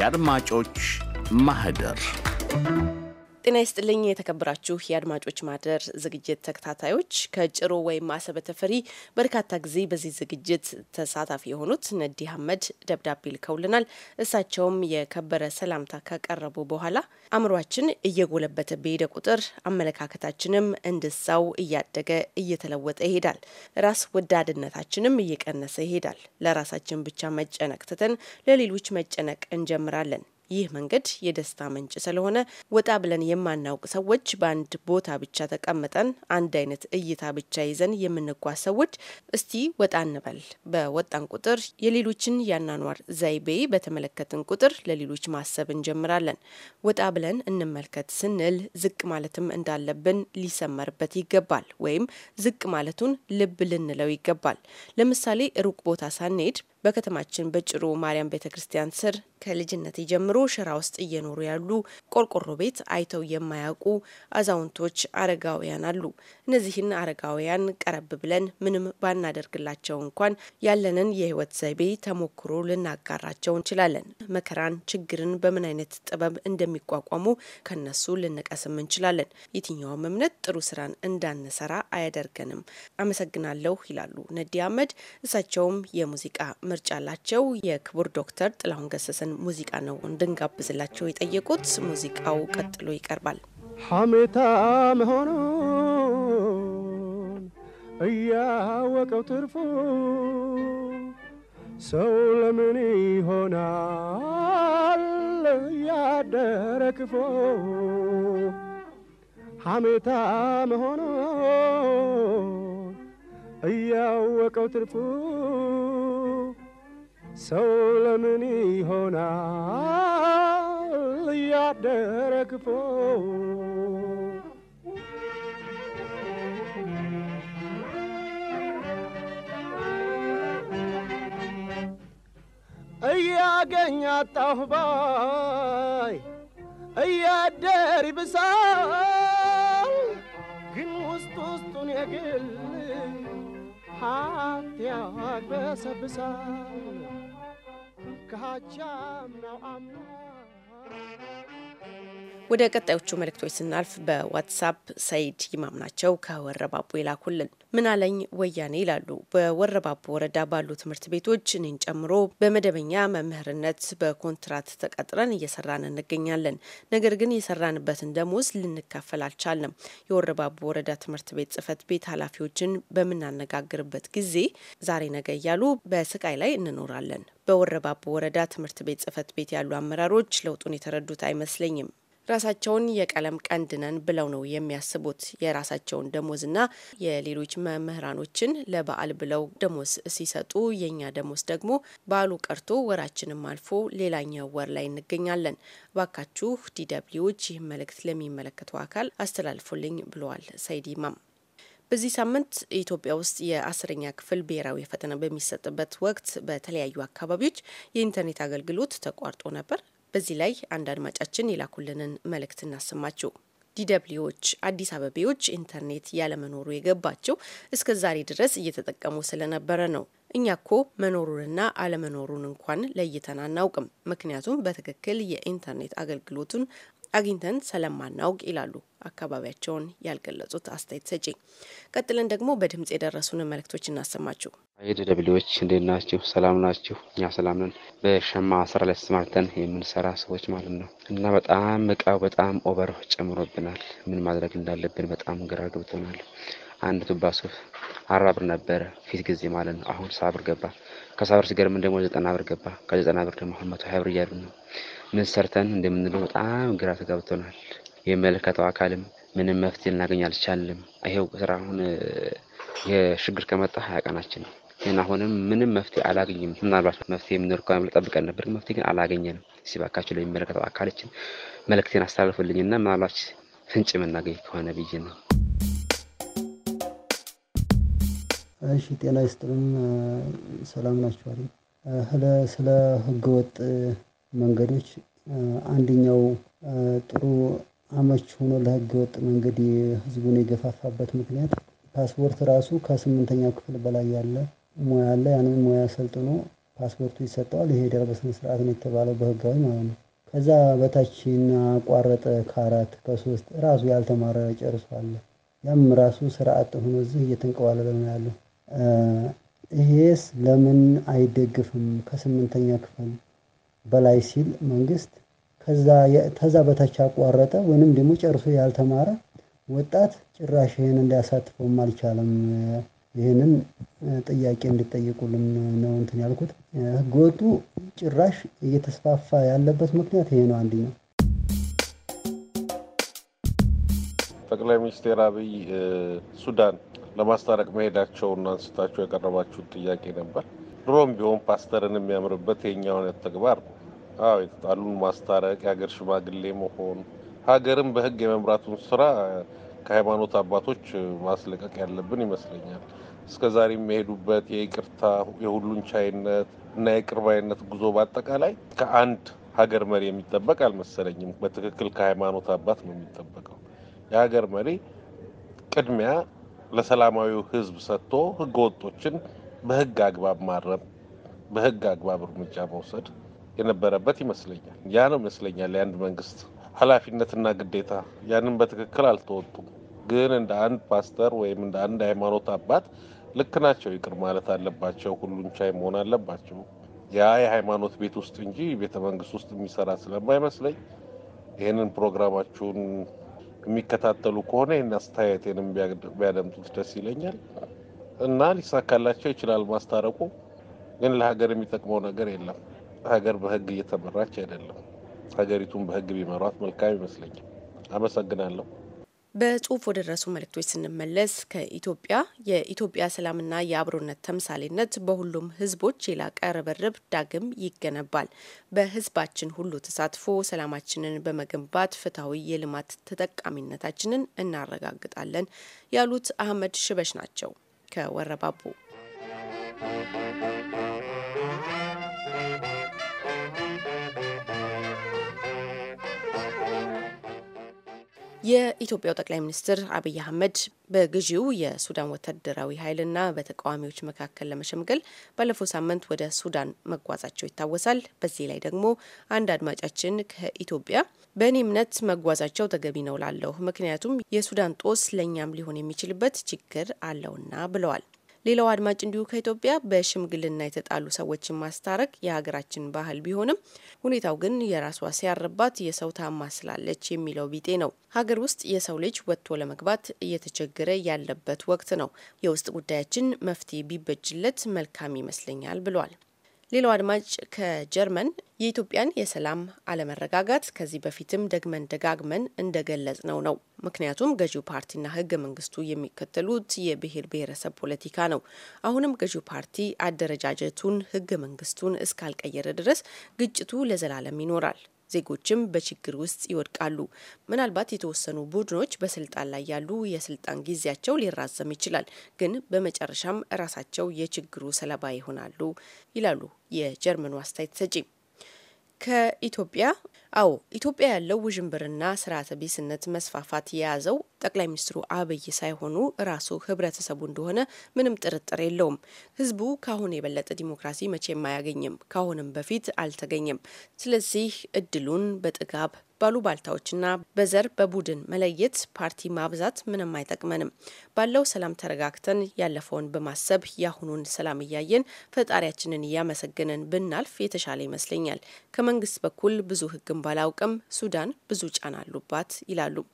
የአድማጮች ማህደር ጤና ይስጥልኝ የተከበራችሁ የአድማጮች ማደር ዝግጅት ተከታታዮች፣ ከጭሮ ወይም አሰበ ተፈሪ በርካታ ጊዜ በዚህ ዝግጅት ተሳታፊ የሆኑት ነዲ አህመድ ደብዳቤ ልከውልናል። እሳቸውም የከበረ ሰላምታ ካቀረቡ በኋላ አእምሯችን እየጎለበተ በሄደ ቁጥር አመለካከታችንም እንድሳው እያደገ እየተለወጠ ይሄዳል። ራስ ወዳድነታችንም እየቀነሰ ይሄዳል። ለራሳችን ብቻ መጨነቅ ትተን ለሌሎች መጨነቅ እንጀምራለን። ይህ መንገድ የደስታ ምንጭ ስለሆነ ወጣ ብለን የማናውቅ ሰዎች በአንድ ቦታ ብቻ ተቀምጠን አንድ አይነት እይታ ብቻ ይዘን የምንጓዝ ሰዎች እስቲ ወጣ እንበል። በወጣን ቁጥር የሌሎችን ያናኗር ዘይቤ በተመለከትን ቁጥር ለሌሎች ማሰብ እንጀምራለን። ወጣ ብለን እንመልከት ስንል ዝቅ ማለትም እንዳለብን ሊሰመርበት ይገባል፣ ወይም ዝቅ ማለቱን ልብ ልንለው ይገባል። ለምሳሌ ሩቅ ቦታ ሳንሄድ በከተማችን በጭሮ ማርያም ቤተ ክርስቲያን ስር ከልጅነት ጀምሮ ጀምሮ ሽራ ውስጥ እየኖሩ ያሉ ቆርቆሮ ቤት አይተው የማያውቁ አዛውንቶች፣ አረጋውያን አሉ። እነዚህን አረጋውያን ቀረብ ብለን ምንም ባናደርግላቸው እንኳን ያለንን የህይወት ዘይቤ ተሞክሮ ልናጋራቸው እንችላለን። መከራን፣ ችግርን በምን አይነት ጥበብ እንደሚቋቋሙ ከነሱ ልንቀስም እንችላለን። የትኛውም እምነት ጥሩ ስራን እንዳንሰራ አያደርገንም። አመሰግናለሁ ይላሉ ነዲ አህመድ። እሳቸውም የሙዚቃ ምርጫ አላቸው። የክቡር ዶክተር ጥላሁን ገሰሰን ሙዚቃ ነው እንድ እንድንጋብዝላቸው የጠየቁት ሙዚቃው ቀጥሎ ይቀርባል። ሐሜታም ሆኖን እያወቀው ትርፉ ሰው ለምን ይሆናል እያደረ ክፎ ሐሜታም ሆኖን እያወቀው ትርፉ ሰው ለምን ይሆናል እያደረ ክፎ እያገኝ አጣሁ ባይ እያደር ይብሳል ግን ውስጥ ውስጡን የግል ሀብት ያግበሰብሳል ነው አምና ወደ ቀጣዮቹ መልእክቶች ስናልፍ በዋትሳፕ ሰይድ ይማም ናቸው ከወረባቦ ይላኩልን። ምናለኝ ወያኔ ይላሉ። በወረባቦ ወረዳ ባሉ ትምህርት ቤቶች እኔን ጨምሮ በመደበኛ መምህርነት በኮንትራት ተቀጥረን እየሰራን እንገኛለን። ነገር ግን የሰራንበትን ደሞዝ ልንካፈል አልቻልንም። የወረባቦ ወረዳ ትምህርት ቤት ጽህፈት ቤት ኃላፊዎችን በምናነጋግርበት ጊዜ ዛሬ ነገ እያሉ በስቃይ ላይ እንኖራለን። በወረባቦ ወረዳ ትምህርት ቤት ጽህፈት ቤት ያሉ አመራሮች ለውጡን የተረዱት አይመስለኝም። ራሳቸውን የቀለም ቀንድ ነን ብለው ነው የሚያስቡት። የራሳቸውን ደሞዝና የሌሎች መምህራኖችን ለበዓል ብለው ደሞዝ ሲሰጡ፣ የእኛ ደሞዝ ደግሞ በዓሉ ቀርቶ ወራችንም አልፎ ሌላኛው ወር ላይ እንገኛለን። ባካችሁ ዲደብሊዎች ይህ መልእክት ለሚመለከተው አካል አስተላልፉልኝ ብለዋል ሰይድ ኢማም። በዚህ ሳምንት ኢትዮጵያ ውስጥ የአስረኛ ክፍል ብሔራዊ ፈተና በሚሰጥበት ወቅት በተለያዩ አካባቢዎች የኢንተርኔት አገልግሎት ተቋርጦ ነበር። በዚህ ላይ አንድ አድማጫችን የላኩልንን መልእክት እናሰማችሁ። ዲደብሊዎች አዲስ አበቤዎች ኢንተርኔት ያለመኖሩ የገባቸው እስከ ዛሬ ድረስ እየተጠቀሙ ስለነበረ ነው። እኛ ኮ መኖሩንና አለመኖሩን እንኳን ለይተን አናውቅም። ምክንያቱም በትክክል የኢንተርኔት አገልግሎቱን አግኝተን ስለማናውቅ ይላሉ አካባቢያቸውን ያልገለጹት አስተያየት ሰጪ። ቀጥለን ደግሞ በድምጽ የደረሱን መልእክቶች እናሰማችሁ። የደደብሌዎች እንዴት ናችሁ? ሰላም ናችሁ? እኛ ሰላም ነን። በሸማ ስራ ላይ ተሰማርተን የምንሰራ ሰዎች ማለት ነው እና በጣም እቃው በጣም ኦቨር ጨምሮብናል። ምን ማድረግ እንዳለብን በጣም ግራ ገብቶናል። አንድ ቱባ ሱፍ አርባ ብር ነበረ ፊት ጊዜ ማለት ነው። አሁን ሰባ ብር ገባ። ከሰባ ብር ሲገርምን ደግሞ ዘጠና ብር ገባ። ከዘጠና ብር ደግሞ አሁን መቶ ሀያ ብር እያሉ ነው። ምን ሰርተን እንደምንለው በጣም ግራ ተጋብቶናል። የመለከተው አካልም ምንም መፍትሄ ልናገኝ አልቻልም። ይሄው ስራ አሁን የሽግር ከመጣ ሀያ ቀናችን ነው። ግን አሁንም ምንም መፍትሄ አላገኝም። ምናልባት መፍትሄ የምኖር ከሆነ ብለን ጠብቀን ነበር። መፍትሄ ግን አላገኘንም። ሲባካቸው ለሚመለከተው አካልችን መልእክቴን አስተላልፉልኝና ምናልባት ፍንጭ የምናገኝ ከሆነ ብዬ ነው። እሺ ጤና ይስጥልኝ ሰላም ናችሁ ህለ ስለ ህገወጥ መንገዶች አንደኛው ጥሩ አመች ሆኖ ለህገወጥ መንገድ ህዝቡን የገፋፋበት ምክንያት ፓስፖርት ራሱ ከስምንተኛ ክፍል በላይ ያለ ሙያ አለ ያንን ሙያ ሰልጥኖ ፓስፖርቱ ይሰጠዋል ይሄዳል በስነ ስርዓት ነው የተባለው በህጋዊ ማለት ነው። ከዛ በታች አቋረጠ ከአራት ከሶስት ራሱ ያልተማረ ጨርሶ አለ ያም ራሱ ስርዓት ሆኖ እዚህ እየተንቀባለለ ነው ያለው ይሄስ ለምን አይደግፍም? ከስምንተኛ ክፍል በላይ ሲል መንግስት ከዛ በታች ያቋረጠ ወይንም ደግሞ ጨርሶ ያልተማረ ወጣት ጭራሽ ይህን እንዲያሳትፈውም አልቻለም። ይህንን ጥያቄ እንዲጠይቁልን ነው እንትን ያልኩት። ህገወጡ ጭራሽ እየተስፋፋ ያለበት ምክንያት ይሄ ነው አንድኛው። ጠቅላይ ሚኒስትር አብይ ሱዳን ለማስታረቅ መሄዳቸውን አንስታቸው የቀረባችሁት ጥያቄ ነበር። ድሮም ቢሆን ፓስተርን የሚያምርበት የእኛ አይነት ተግባር ነው። አዎ የተጣሉን ማስታረቅ፣ የሀገር ሽማግሌ መሆን፣ ሀገርን በህግ የመምራቱን ስራ ከሃይማኖት አባቶች ማስለቀቅ ያለብን ይመስለኛል። እስከ ዛሬ የሚሄዱበት የይቅርታ የሁሉን ቻይነት እና የቅርባይነት ጉዞ በአጠቃላይ ከአንድ ሀገር መሪ የሚጠበቅ አልመሰለኝም። በትክክል ከሃይማኖት አባት ነው የሚጠበቀው። የሀገር መሪ ቅድሚያ ለሰላማዊው ህዝብ ሰጥቶ ህገ ወጦችን በህግ አግባብ ማረም፣ በህግ አግባብ እርምጃ መውሰድ የነበረበት ይመስለኛል። ያ ነው ይመስለኛል የአንድ መንግስት ኃላፊነትና ግዴታ። ያንን በትክክል አልተወጡም። ግን እንደ አንድ ፓስተር ወይም እንደ አንድ ሃይማኖት አባት ልክ ናቸው፣ ይቅር ማለት አለባቸው፣ ሁሉን ቻይ መሆን አለባቸው። ያ የሃይማኖት ቤት ውስጥ እንጂ ቤተ መንግስት ውስጥ የሚሰራ ስለማይመስለኝ ይህንን ፕሮግራማችሁን የሚከታተሉ ከሆነ ይህን አስተያየቴንም ቢያደምጡት ደስ ይለኛል እና ሊሳካላቸው ይችላል። ማስታረቁ ግን ለሀገር የሚጠቅመው ነገር የለም። ሀገር በህግ እየተመራች አይደለም። ሀገሪቱን በህግ ቢመሯት መልካም ይመስለኛል። አመሰግናለሁ። በጽሁፍ ወደ ደረሱ መልእክቶች ስንመለስ ከኢትዮጵያ የኢትዮጵያ ሰላምና የአብሮነት ተምሳሌነት በሁሉም ህዝቦች የላቀ ርብርብ ዳግም ይገነባል። በህዝባችን ሁሉ ተሳትፎ ሰላማችንን በመገንባት ፍትሐዊ የልማት ተጠቃሚነታችንን እናረጋግጣለን ያሉት አህመድ ሽበሽ ናቸው you. የኢትዮጵያው ጠቅላይ ሚኒስትር አብይ አህመድ በግዢው የሱዳን ወታደራዊ ኃይልና በተቃዋሚዎች መካከል ለመሸምገል ባለፈው ሳምንት ወደ ሱዳን መጓዛቸው ይታወሳል። በዚህ ላይ ደግሞ አንድ አድማጫችን ከኢትዮጵያ በእኔ እምነት መጓዛቸው ተገቢ ነው ላለሁ፣ ምክንያቱም የሱዳን ጦስ ለእኛም ሊሆን የሚችልበት ችግር አለውና ብለዋል። ሌላው አድማጭ እንዲሁ ከኢትዮጵያ በሽምግልና የተጣሉ ሰዎችን ማስታረቅ የሀገራችን ባህል ቢሆንም ሁኔታው ግን የራሷ ሲያርባት የሰው ታማ ስላለች የሚለው ቢጤ ነው። ሀገር ውስጥ የሰው ልጅ ወጥቶ ለመግባት እየተቸገረ ያለበት ወቅት ነው። የውስጥ ጉዳያችን መፍትሄ ቢበጅለት መልካም ይመስለኛል ብሏል። ሌላው አድማጭ ከጀርመን የኢትዮጵያን የሰላም አለመረጋጋት ከዚህ በፊትም ደግመን ደጋግመን እንደገለጽ ነው ነው ምክንያቱም ገዢው ፓርቲና ህገ መንግስቱ የሚከተሉት የብሔር ብሔረሰብ ፖለቲካ ነው። አሁንም ገዢው ፓርቲ አደረጃጀቱን ህገ መንግስቱን እስካልቀየረ ድረስ ግጭቱ ለዘላለም ይኖራል። ዜጎችም በችግር ውስጥ ይወድቃሉ። ምናልባት የተወሰኑ ቡድኖች በስልጣን ላይ ያሉ የስልጣን ጊዜያቸው ሊራዘም ይችላል፣ ግን በመጨረሻም ራሳቸው የችግሩ ሰለባ ይሆናሉ ይላሉ የጀርመኑ አስተያየት ሰጪ። ከኢትዮጵያ አዎ፣ ኢትዮጵያ ያለው ውዥንብርና ስርዓተ ቢስነት መስፋፋት የያዘው ጠቅላይ ሚኒስትሩ አብይ ሳይሆኑ ራሱ ህብረተሰቡ እንደሆነ ምንም ጥርጥር የለውም። ህዝቡ ካሁን የበለጠ ዲሞክራሲ መቼም አያገኝም፣ ካሁንም በፊት አልተገኘም። ስለዚህ እድሉን በጥጋብ ባሉ ባልታዎችና በዘር በቡድን መለየት ፓርቲ ማብዛት ምንም አይጠቅመንም። ባለው ሰላም ተረጋግተን ያለፈውን በማሰብ የአሁኑን ሰላም እያየን ፈጣሪያችንን እያመሰገንን ብናልፍ የተሻለ ይመስለኛል። ከመንግስት በኩል ብዙ ህግም ባላውቅም ሱዳን ብዙ ጫና አሉባት ይላሉ።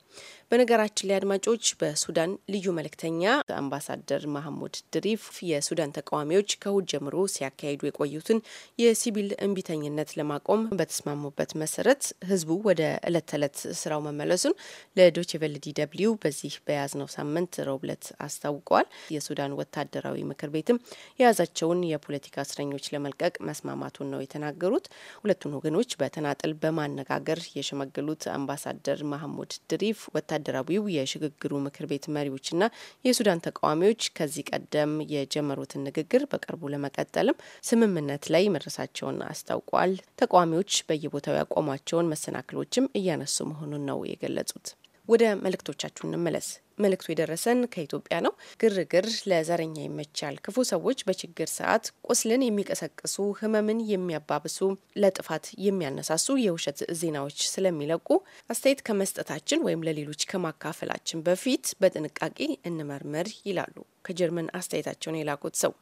በነገራችን ላይ አድማጮች በሱዳን ልዩ መልእክተኛ አምባሳደር ማህሙድ ድሪፍ የሱዳን ተቃዋሚዎች ከእሁድ ጀምሮ ሲያካሂዱ የቆዩትን የሲቪል እንቢተኝነት ለማቆም በተስማሙበት መሰረት ህዝቡ ወደ እለት ተዕለት ስራው መመለሱን ለዶቼ ቬለ ዲ ደብልዩ በዚህ በያዝነው ሳምንት ረቡዕ አስታውቀዋል። የሱዳን ወታደራዊ ምክር ቤትም የያዛቸውን የፖለቲካ እስረኞች ለመልቀቅ መስማማቱን ነው የተናገሩት። ሁለቱን ወገኖች በተናጠል በማነጋገር የሸመገሉት አምባሳደር ማህሙድ ድሪፍ ወታደራዊው የሽግግሩ ምክር ቤት መሪዎችና የሱዳን ተቃዋሚዎች ከዚህ ቀደም የጀመሩትን ንግግር በቅርቡ ለመቀጠልም ስምምነት ላይ መድረሳቸውን አስታውቋል። ተቃዋሚዎች በየቦታው ያቆሟቸውን መሰናክሎችም እያነሱ መሆኑን ነው የገለጹት። ወደ መልእክቶቻችሁ እንመለስ። መልእክቱ የደረሰን ከኢትዮጵያ ነው። ግርግር ለዘረኛ ይመቻል። ክፉ ሰዎች በችግር ሰዓት ቁስልን የሚቀሰቅሱ ህመምን የሚያባብሱ ለጥፋት የሚያነሳሱ የውሸት ዜናዎች ስለሚለቁ አስተያየት ከመስጠታችን ወይም ለሌሎች ከማካፈላችን በፊት በጥንቃቄ እንመርምር ይላሉ ከጀርመን አስተያየታቸውን የላኩት ሰው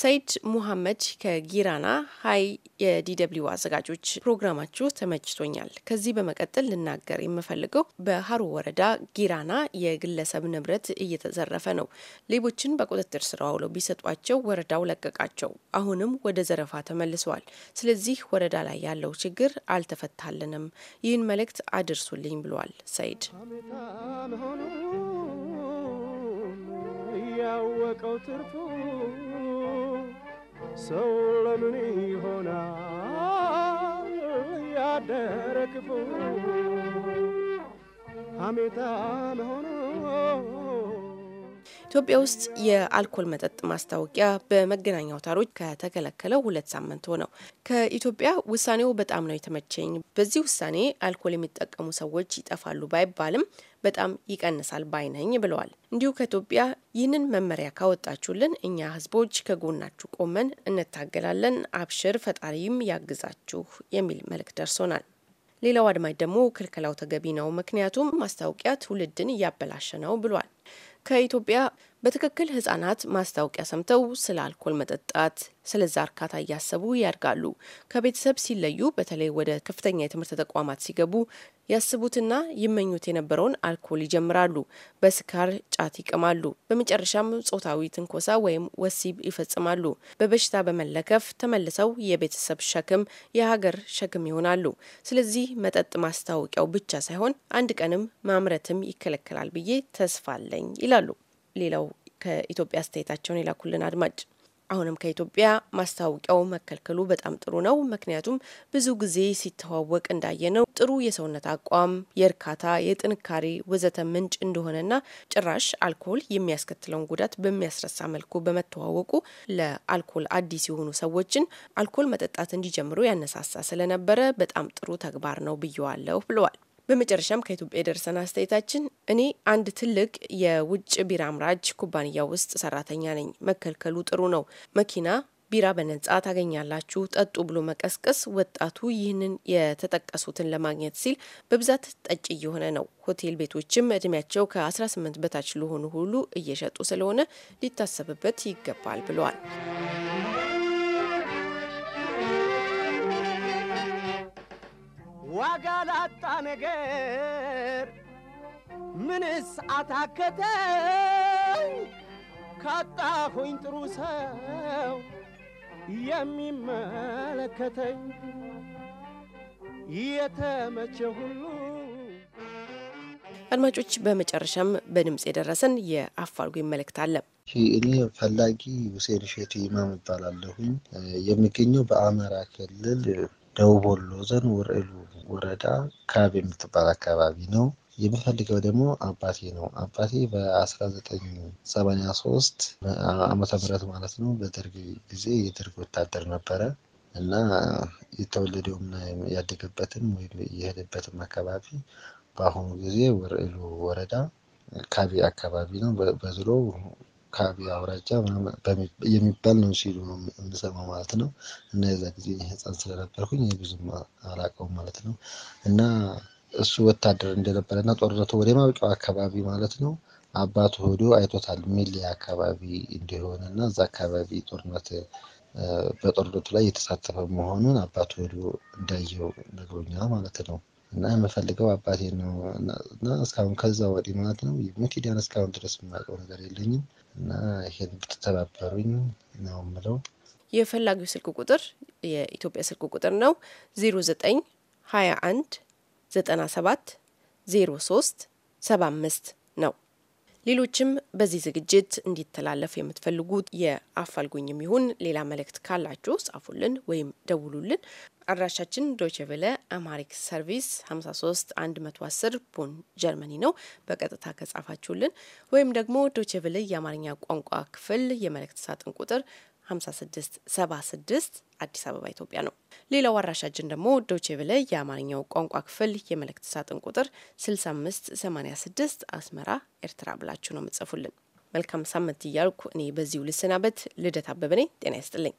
ሰይድ ሙሐመድ ከጊራና ሀይ የዲደብሊው አዘጋጆች ፕሮግራማችሁ ተመችቶኛል። ከዚህ በመቀጠል ልናገር የምፈልገው በሀሩ ወረዳ ጊራና የግለሰብ ንብረት እየተዘረፈ ነው። ሌቦችን በቁጥጥር ስር አውለው ቢሰጧቸው ወረዳው ለቀቃቸው። አሁንም ወደ ዘረፋ ተመልሰዋል። ስለዚህ ወረዳ ላይ ያለው ችግር አልተፈታልንም። ይህን መልእክት አድርሱልኝ ብሏል ሰይድ ያወቀው ትርፉ ሰው ለምን ይሆናል ያደረ ክፉ ሀሜታም ሆኖ ኢትዮጵያ ውስጥ የአልኮል መጠጥ ማስታወቂያ በመገናኛ አውታሮች ከተከለከለው ሁለት ሳምንት ሆነው። ከኢትዮጵያ ውሳኔው በጣም ነው የተመቸኝ። በዚህ ውሳኔ አልኮል የሚጠቀሙ ሰዎች ይጠፋሉ ባይባልም በጣም ይቀንሳል ባይነኝ ብለዋል። እንዲሁ ከኢትዮጵያ ይህንን መመሪያ ካወጣችሁልን እኛ ህዝቦች ከጎናችሁ ቆመን እንታገላለን፣ አብሽር፣ ፈጣሪም ያግዛችሁ የሚል መልእክት ደርሶናል። ሌላው አድማጭ ደግሞ ክልከላው ተገቢ ነው፣ ምክንያቱም ማስታወቂያ ትውልድን እያበላሸ ነው ብሏል። ከኢትዮጵያ በትክክል ህጻናት ማስታወቂያ ሰምተው ስለ አልኮል መጠጣት ስለዛ እርካታ እያሰቡ ያድጋሉ። ከቤተሰብ ሲለዩ በተለይ ወደ ከፍተኛ የትምህርት ተቋማት ሲገቡ ያስቡትና ይመኙት የነበረውን አልኮል ይጀምራሉ። በስካር ጫት ይቅማሉ። በመጨረሻም ጾታዊ ትንኮሳ ወይም ወሲብ ይፈጽማሉ። በበሽታ በመለከፍ ተመልሰው የቤተሰብ ሸክም፣ የሀገር ሸክም ይሆናሉ። ስለዚህ መጠጥ ማስታወቂያው ብቻ ሳይሆን አንድ ቀንም ማምረትም ይከለከላል ብዬ ተስፋ አለኝ ይላሉ። ሌላው ከኢትዮጵያ አስተያየታቸውን የላኩልን አድማጭ አሁንም ከኢትዮጵያ ማስታወቂያው መከልከሉ በጣም ጥሩ ነው። ምክንያቱም ብዙ ጊዜ ሲተዋወቅ እንዳየነው ጥሩ የሰውነት አቋም፣ የእርካታ፣ የጥንካሬ ወዘተ ምንጭ እንደሆነና ጭራሽ አልኮል የሚያስከትለውን ጉዳት በሚያስረሳ መልኩ በመተዋወቁ ለአልኮል አዲስ የሆኑ ሰዎችን አልኮል መጠጣት እንዲጀምሩ ያነሳሳ ስለነበረ በጣም ጥሩ ተግባር ነው ብየዋለሁ ብለዋል። በመጨረሻም ከኢትዮጵያ የደረሰን አስተያየታችን እኔ አንድ ትልቅ የውጭ ቢራ አምራች ኩባንያ ውስጥ ሰራተኛ ነኝ። መከልከሉ ጥሩ ነው። መኪና ቢራ በነጻ ታገኛላችሁ፣ ጠጡ ብሎ መቀስቀስ ወጣቱ ይህንን የተጠቀሱትን ለማግኘት ሲል በብዛት ጠጭ እየሆነ ነው። ሆቴል ቤቶችም እድሜያቸው ከ18 በታች ለሆኑ ሁሉ እየሸጡ ስለሆነ ሊታሰብበት ይገባል ብለዋል። ዋጋ ላጣ ነገር ምንስ አታከተኝ ካጣሁኝ ጥሩ ሰው የሚመለከተኝ የተመቸ ሁሉ። አድማጮች፣ በመጨረሻም በድምፅ የደረሰን የአፋልጉኝ መልእክት አለ። እኔ ፈላጊ ሁሴን ሼቴ ኢማም እባላለሁኝ። የሚገኘው በአማራ ክልል ደቡብ ወሎ ዞን ውርኤሉ ወረዳ ካብ የምትባል አካባቢ ነው። የምፈልገው ደግሞ አባቴ ነው። አባቴ በ1983 ዓመተ ምህረት ማለት ነው በደርግ ጊዜ የደርግ ወታደር ነበረ እና የተወለደውና ያደገበትም ወይም የሄደበትም አካባቢ በአሁኑ ጊዜ ውርኤሉ ወረዳ ካቢ አካባቢ ነው በዝሮ ካቢ አውራጃ የሚባል ነው ሲሉ ነው የምሰማው ማለት ነው። እና የዛ ጊዜ ሕፃን ስለነበርኩኝ ብዙም አላውቀውም ማለት ነው። እና እሱ ወታደር እንደነበረ እና ጦርነቱ ወደ ማብቂያው አካባቢ ማለት ነው አባቱ ሆዶ አይቶታል ሚሊ አካባቢ እንደሆነ እና እዛ አካባቢ ጦርነት በጦርነቱ ላይ የተሳተፈ መሆኑን አባቱ ሆዶ እንዳየው ነግሮኛል ማለት ነው። እና የምፈልገው አባቴ ነው እና እስካሁን ከዛ ወዲህ ማለት ነው ሞቲዲያን እስካሁን ድረስ የማውቀው ነገር የለኝም እና ይሄን ብትተባበሩኝ ነው ምለው። የፈላጊው ስልክ ቁጥር የኢትዮጵያ ስልክ ቁጥር ነው 09 ነው። ሌሎችም በዚህ ዝግጅት እንዲተላለፍ የምትፈልጉት የአፋልጉኝም ይሁን ሌላ መልእክት ካላችሁ ጻፉልን ወይም ደውሉልን። አድራሻችን ዶችቬለ አማሪክ ሰርቪስ 53 110 ቦን ጀርመኒ ነው። በቀጥታ ከጻፋችሁልን ወይም ደግሞ ዶችቬለ የአማርኛ ቋንቋ ክፍል የመልእክት ሳጥን ቁጥር 5676 አዲስ አበባ ኢትዮጵያ ነው። ሌላው አድራሻችን ደግሞ ዶቼቬለ የአማርኛው ቋንቋ ክፍል የመልእክት ሳጥን ቁጥር 86 አስመራ ኤርትራ ብላችሁ ነው የምጽፉልን። መልካም ሳምንት እያልኩ እኔ በዚሁ ልሰናበት። ልደት አበበ ነኝ። ጤና ይስጥልኝ።